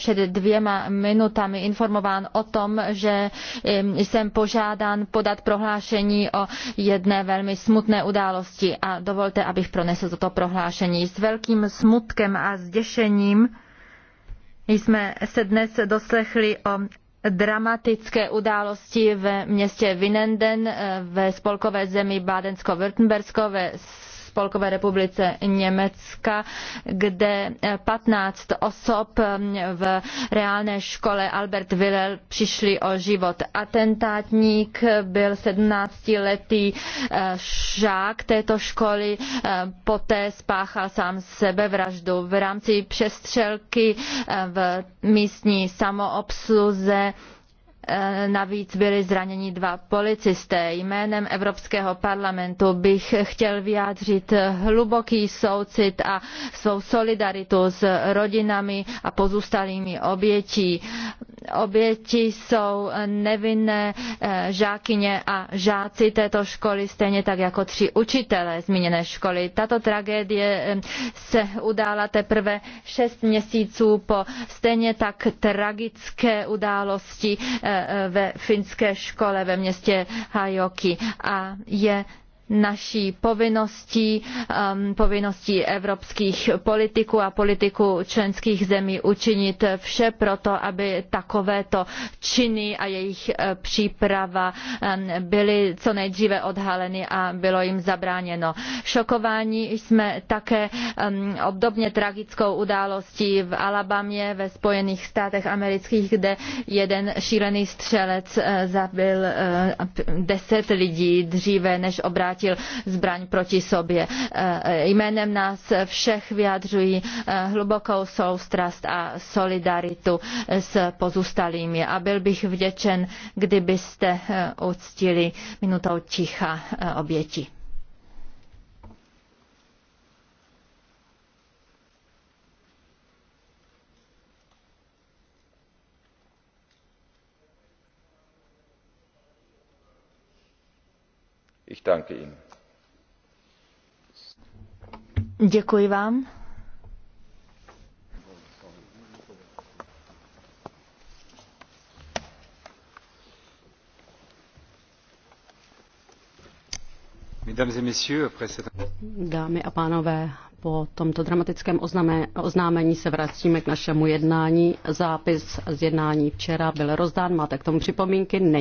před dvěma minutami informován o tom, že jsem požádán podat prohlášení o jedné velmi smutné události a dovolte, abych pronesl toto prohlášení. S velkým smutkem a zděšením jsme se dnes doslechli o dramatické události ve městě Vinenden eh, ve spolkové zemi Bádensko-Württembersko ve Spolkové republice Německa, kde 15 eh, osob ehm, v reálné škole Albert Willel přišli o život. Atentátník byl 17-letý žák eh, této školy, eh, poté spáchal sám sebevraždu. V rámci přestřelky v místní samoobsluze Eh, navíc byli zraněni dva policisté. Jménem Evropského parlamentu bych chtěl vyjádřit hluboký soucit a svou solidaritu s rodinami a pozůstalými obětí oběti jsou nevinné eh, žákyně a žáci této školy, stejně tak jako tři učitelé zmíněné školy. Tato tragédie eh, se udála teprve šest měsíců po stejně tak tragické události eh, ve finské škole ve městě Hajoki a je naší povinností, um, povinností evropských politiků a politiků členských zemí učinit vše pro to, aby takovéto činy a jejich eh, příprava um, byly co nejdříve odhaleny a bylo jim zabráněno. Šokováni jsme také um, obdobně tragickou událostí v Alabamě ve Spojených státech amerických, kde jeden šílený střelec eh, zabil eh, deset lidí dříve, než obrátil obrátil zbraň proti sobě. Eh, jménem nás všech vyjadřují eh, hlubokou soustrast a solidaritu s pozůstalými a byl bych vděčen, kdybyste eh, uctili minutou ticha oběti. Ich danke Ihnen. Děkuji vám. Dámy a pánové, po tomto dramatickém oznámení se vracíme k našemu jednání. Zápis z jednání včera byl rozdán. Máte k tomu připomínky? Ne.